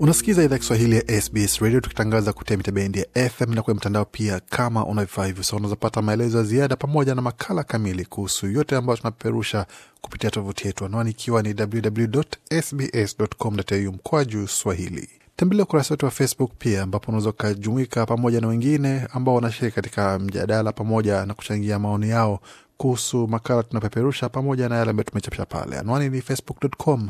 Unasikiza idhaa Kiswahili ya SBS Radio tukitangaza kupitia mitabendi ya FM na kwenye mtandao pia. Kama una vifaa hivyo sa unazopata maelezo ya ziada pamoja na makala kamili kuhusu yote ambayo tunapeperusha kupitia tovuti yetu, anwani ikiwa ni www.sbs.com.au juu swahili. Tembelea ukurasa wetu wa Facebook pia ambapo unaweza ukajumuika pamoja na wengine ambao wanashiriki katika mjadala pamoja na kuchangia maoni yao kuhusu makala tunapeperusha pamoja na yale ambayo tumechapisha pale. Anwani ni facebook.com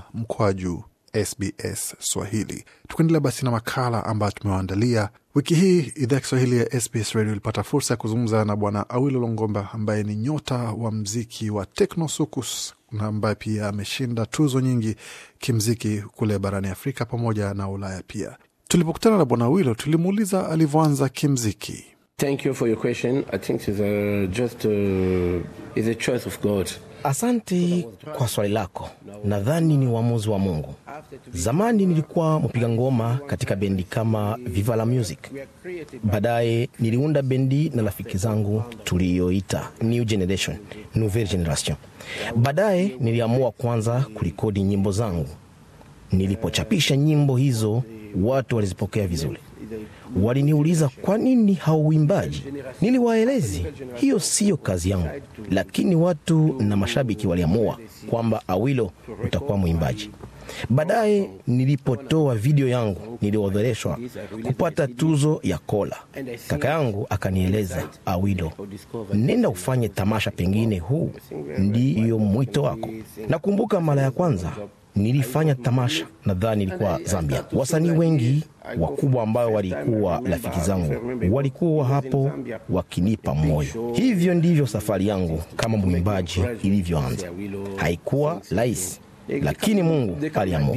juu SBS Swahili. Tukiendelea basi na makala ambayo tumewaandalia wiki hii, idhaa ya Kiswahili ya SBS Radio ilipata fursa ya kuzungumza na Bwana Awilo Longomba ambaye ni nyota wa mziki wa Tekno Sukus na ambaye pia ameshinda tuzo nyingi kimziki kule barani Afrika pamoja na Ulaya pia. Tulipokutana na Bwana Awilo tulimuuliza alivyoanza kimziki. Thank you for your question. I think it's a, just a, it's a choice of God. Asante kwa swali lako. Nadhani ni uamuzi wa Mungu. Zamani nilikuwa mpiga ngoma katika bendi kama Viva la Music. Baadaye niliunda bendi na rafiki zangu tuliyoita New Generation, Nouvelle Generation. Baadaye niliamua kwanza kurekodi nyimbo zangu. Nilipochapisha nyimbo hizo, watu walizipokea vizuri. Waliniuliza kwa nini hauimbaji, niliwaelezi hiyo siyo kazi yangu, lakini watu na mashabiki waliamua kwamba Awilo utakuwa mwimbaji. Baadaye nilipotoa video yangu niliodhoreshwa kupata tuzo ya Kola. Kaka yangu akanieleza, awilo nenda ufanye tamasha pengine, huu ndiyo mwito wako. Nakumbuka mara ya kwanza nilifanya tamasha, nadhani ilikuwa Zambia. Wasanii wengi wakubwa ambao walikuwa rafiki zangu walikuwa hapo wakinipa moyo. Hivyo ndivyo safari yangu kama mwimbaji ilivyoanza. Haikuwa rahisi, lakini Mungu aliamua.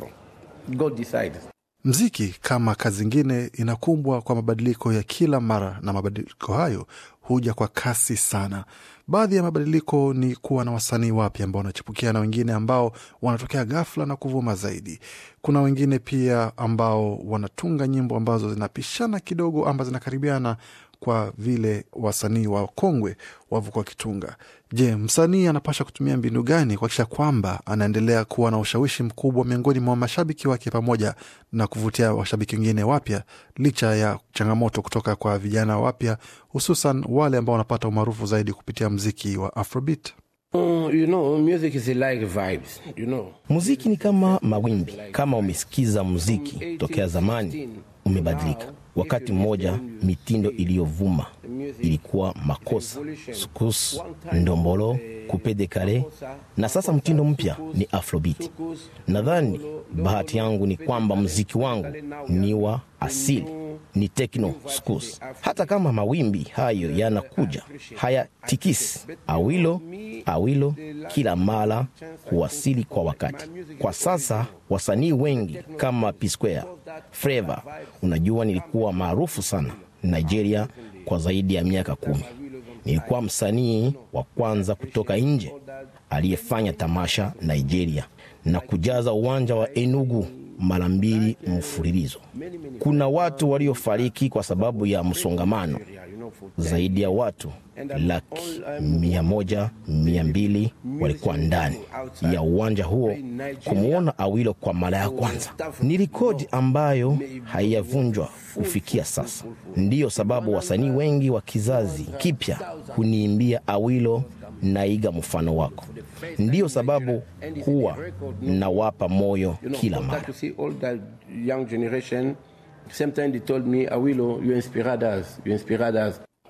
Uh, Mziki kama kazi ingine inakumbwa kwa mabadiliko ya kila mara, na mabadiliko hayo huja kwa kasi sana. Baadhi ya mabadiliko ni kuwa na wasanii wapya ambao wanachipukia na wengine ambao wanatokea ghafla na kuvuma zaidi. Kuna wengine pia ambao wanatunga nyimbo ambazo zinapishana kidogo, ambazo zinakaribiana kwa vile wasanii wa kongwe wavyokuwa wakitunga. Je, msanii anapasha kutumia mbinu gani kuhakikisha kwamba anaendelea kuwa na ushawishi mkubwa miongoni mwa mashabiki wake pamoja na kuvutia washabiki wengine wapya licha ya changamoto kutoka kwa vijana wapya hususan wale ambao wanapata umaarufu zaidi kupitia mziki wa Afrobeat. Mm, you know, music is like vibes, you know. Muziki ni kama mawimbi. Kama umesikiza muziki tokea zamani, umebadilika. Wakati mmoja mitindo iliyovuma ilikuwa makosa, sukus, ndombolo, coupe de kale, na sasa mtindo mpya ni afrobeat. Nadhani bahati yangu ni kwamba mziki wangu ni wa asili ni techno schools. Hata kama mawimbi hayo yanakuja, haya tikisi awilo awilo kila mara huwasili kwa wakati. Kwa sasa wasanii wengi kama P Square, unajua nilikuwa maarufu sana Nigeria kwa zaidi ya miaka kumi. Nilikuwa msanii wa kwanza kutoka nje aliyefanya tamasha Nigeria na kujaza uwanja wa Enugu mara mbili mfululizo. Kuna watu waliofariki kwa sababu ya msongamano, zaidi ya watu laki mia moja mia mbili walikuwa ndani ya uwanja huo kumwona Awilo kwa mara ya kwanza. Ni rekodi ambayo haiyavunjwa kufikia sasa. Ndiyo sababu wasanii wengi wa kizazi kipya huniimbia Awilo naiga mfano wako. Ndiyo sababu huwa nawapa moyo kila mara.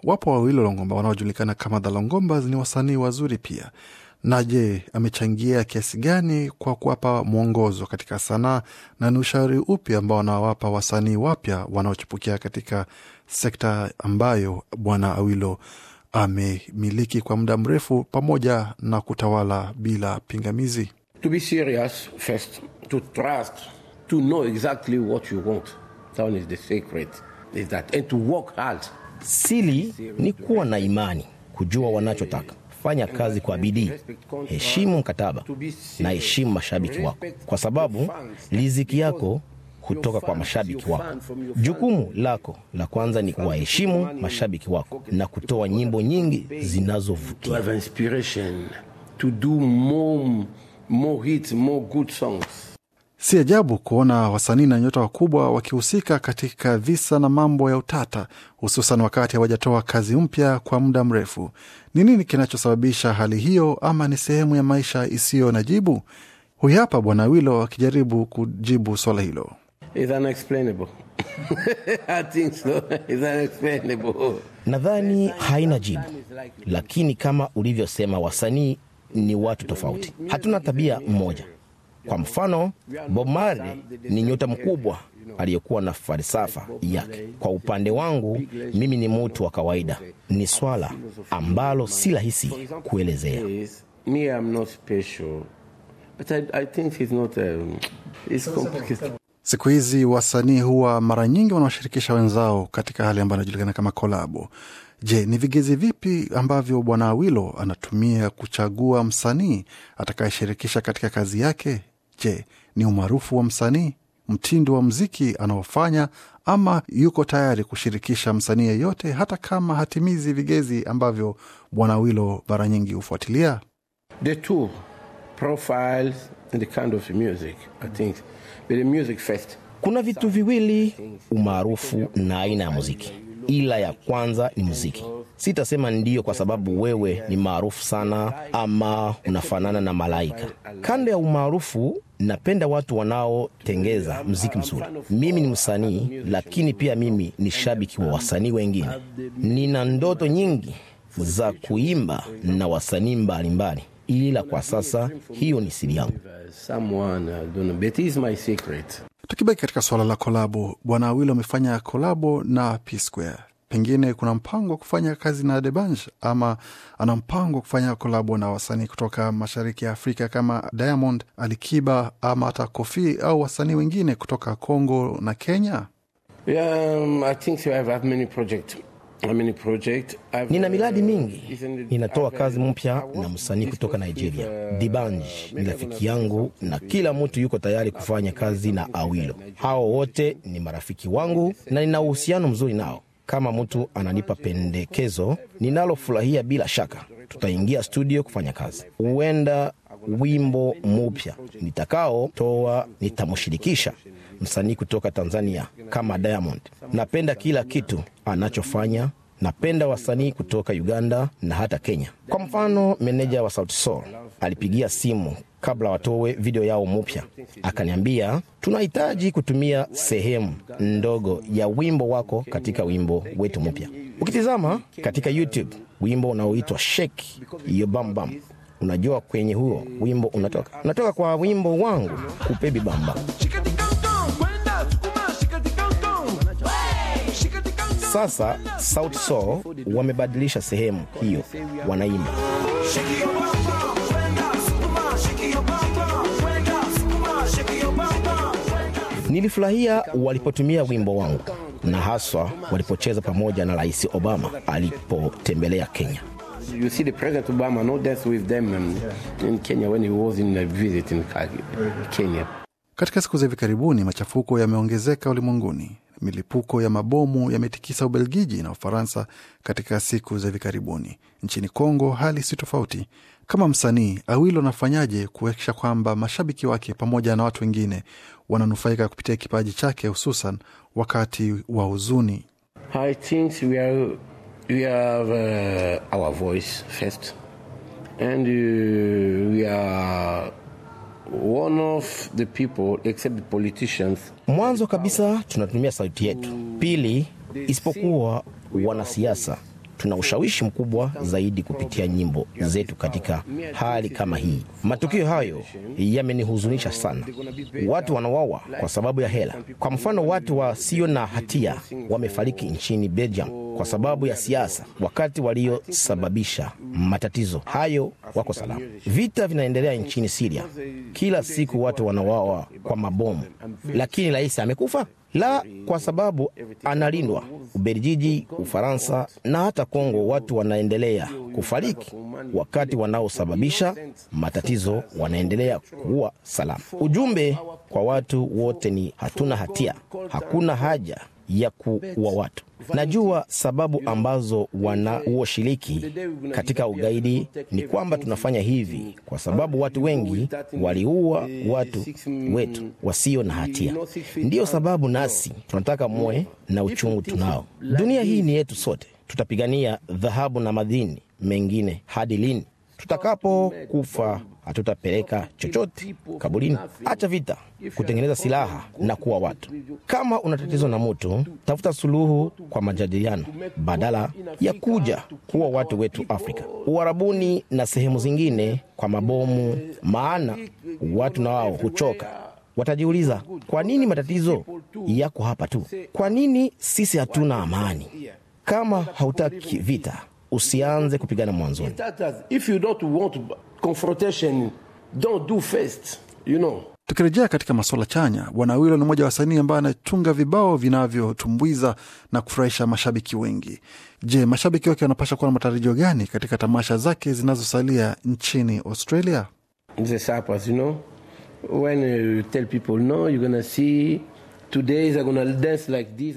Wapo wawilo Longomba wanaojulikana kama The Longombas, ni wasanii wazuri pia. Na je, amechangia kiasi gani kwa kuwapa mwongozo katika sanaa na ni ushauri upi ambao wanawapa wasanii wapya wanaochipukia katika sekta ambayo Bwana Awilo amemiliki kwa muda mrefu pamoja na kutawala bila pingamizi. To be serious first, to trust, to know exactly what you want. That is the secret. Is that and to work hard. ni kuwa na imani, kujua wanachotaka fanya kazi kwa bidii, heshimu mkataba na heshimu mashabiki wako, kwa sababu riziki yako kutoka kwa mashabiki wako. Jukumu lako la kwanza ni kuwaheshimu mashabiki wako na kutoa nyimbo nyingi zinazovutia. Si ajabu kuona wasanii na nyota wakubwa wakihusika katika visa na mambo ya utata, hususan wakati hawajatoa kazi mpya kwa muda mrefu. Ni nini kinachosababisha hali hiyo, ama ni sehemu ya maisha isiyo na jibu? Huyu hapa Bwana Wilo akijaribu kujibu swala hilo. It's unexplainable. I think so. It's unexplainable. Nadhani haina jibu, lakini kama ulivyosema, wasanii ni watu tofauti, hatuna tabia mmoja. Kwa mfano, Bob Marley ni nyota mkubwa aliyekuwa na falsafa yake. Kwa upande wangu mimi ni mutu wa kawaida, ni swala ambalo si rahisi kuelezea. Me, I'm not special. But I, I think it's not, um, it's complicated. Siku hizi wasanii huwa mara nyingi wanawashirikisha wenzao katika hali ambayo inajulikana kama kolabo. Je, ni vigezi vipi ambavyo Bwana Awilo anatumia kuchagua msanii atakayeshirikisha katika kazi yake? Je, ni umaarufu wa msanii, mtindo wa mziki anaofanya, ama yuko tayari kushirikisha msanii yeyote hata kama hatimizi vigezi ambavyo Bwana Awilo mara nyingi hufuatilia? The profiles the kind of music, I think. Kuna vitu viwili umaarufu na aina ya muziki, ila ya kwanza ni muziki. Sitasema ndiyo kwa sababu wewe ni maarufu sana ama unafanana na malaika. Kando ya umaarufu, napenda watu wanaotengeza mziki mzuri. Mimi ni msanii, lakini pia mimi ni shabiki wa wasanii wengine. Nina ndoto nyingi za kuimba na wasanii mbalimbali ila kwa sasa hiyo ni siri yangu. Uh, Tukibaki katika suala la kolabo, Bwana Awilo amefanya kolabo na P Square. Pengine kuna mpango wa kufanya kazi na Debanj ama ana mpango wa kufanya kolabo na wasanii kutoka mashariki ya Afrika kama Diamond, Alikiba ama hata Kofi au wasanii wengine kutoka Congo na Kenya. Yeah, um, I think so. I have many projects. Nina miradi uh, mingi, ninatoa kazi uh, mpya na msanii kutoka Nigeria uh, Dibanji ni rafiki yangu, na kila mtu yuko tayari kufanya kazi na Awilo. Hao wote ni marafiki wangu na nina uhusiano mzuri nao. Kama mtu ananipa pendekezo ninalofurahia, bila shaka tutaingia studio kufanya kazi. Huenda wimbo mupya nitakaotoa nitamshirikisha msanii kutoka Tanzania kama Diamond. Napenda kila kitu anachofanya. Napenda wasanii kutoka Uganda na hata Kenya. Kwa mfano, meneja wa Sauti Sol alipigia simu kabla watowe video yao mupya, akaniambia tunahitaji kutumia sehemu ndogo ya wimbo wako katika wimbo wetu mpya. Ukitizama katika YouTube wimbo unaoitwa Shake Yo Bam Bam, unajua kwenye huo wimbo unatoka unatoka kwa wimbo wangu Kupebi Bamba. Sasa south Sol wamebadilisha sehemu hiyo, wanaimba Nilifurahia walipotumia wimbo wangu na haswa walipocheza pamoja na Rais Obama alipotembelea Kenya. Katika siku za hivi karibuni, machafuko yameongezeka ulimwenguni milipuko ya mabomu yametikisa Ubelgiji na Ufaransa katika siku za hivi karibuni. Nchini Kongo hali si tofauti. Kama msanii Awilo anafanyaje kuhakikisha kwamba mashabiki wake pamoja na watu wengine wananufaika kupitia kipaji chake, hususan wakati wa huzuni? Uh, One of the people, except politicians. Mwanzo kabisa tunatumia sauti yetu. Pili, isipokuwa wanasiasa tuna ushawishi mkubwa zaidi kupitia nyimbo zetu katika hali kama hii. Matukio hayo yamenihuzunisha sana. Watu wanawawa kwa sababu ya hela. Kwa mfano, watu wasio na hatia wamefariki nchini Belgium kwa sababu ya siasa, wakati waliosababisha matatizo hayo wako salama. Vita vinaendelea nchini Siria, kila siku watu wanawawa kwa mabomu, lakini rais amekufa? La, kwa sababu analindwa. Ubelgiji, Ufaransa na hata Kongo, watu wanaendelea kufariki wakati wanaosababisha matatizo wanaendelea kuwa salama. Ujumbe kwa watu wote ni hatuna hatia, hakuna haja ya kuua watu. Najua sababu ambazo wanaoshiriki katika ugaidi ni kwamba tunafanya hivi kwa sababu watu wengi waliua watu wetu wasio na hatia. Ndiyo sababu nasi tunataka mwe na uchungu tunao. Dunia hii ni yetu sote. Tutapigania dhahabu na madini mengine hadi lini? tutakapo kufa hatutapeleka chochote kaburini. Acha vita, kutengeneza silaha na kuwa watu. Kama una tatizo na mtu, tafuta suluhu kwa majadiliano badala ya kuja kuwa watu wetu Afrika, Uarabuni na sehemu zingine kwa mabomu, maana watu na wao huchoka Watajiuliza, kwa nini matatizo yako hapa tu? Kwa nini sisi hatuna amani? Kama hautaki vita, usianze kupigana mwanzoni. Tukirejea katika masuala chanya, Bwana Wilo ni mmoja wa wasanii ambaye anatunga vibao vinavyotumbuiza na kufurahisha mashabiki wengi. Je, mashabiki wake wanapasha kuwa na matarajio gani katika tamasha zake zinazosalia nchini Australia?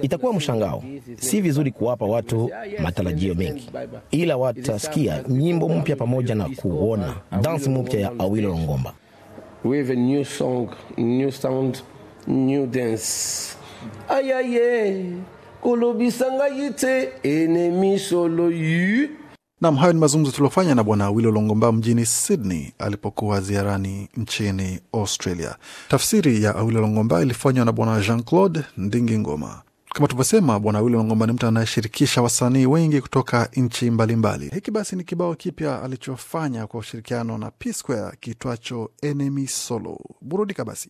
itakuwa mshangao. Si vizuri kuwapa watu matarajio mengi, ila watasikia nyimbo mpya pamoja na kuona dansi mpya ya Awilo Longomba. ayaye kolobisanga yite Nam, hayo ni mazungumzo tuliofanya na Bwana Wilo Longomba mjini Sydney alipokuwa ziarani nchini Australia. Tafsiri ya Awilo Longomba ilifanywa na Bwana Jean Claude Ndingi Ngoma. Kama tulivyosema, Bwana Wilo Longomba ni mtu anayeshirikisha wasanii wengi kutoka nchi mbalimbali. Hiki basi ni kibao kipya alichofanya kwa ushirikiano na P Square kitwacho Enemy Solo. Burudika basi.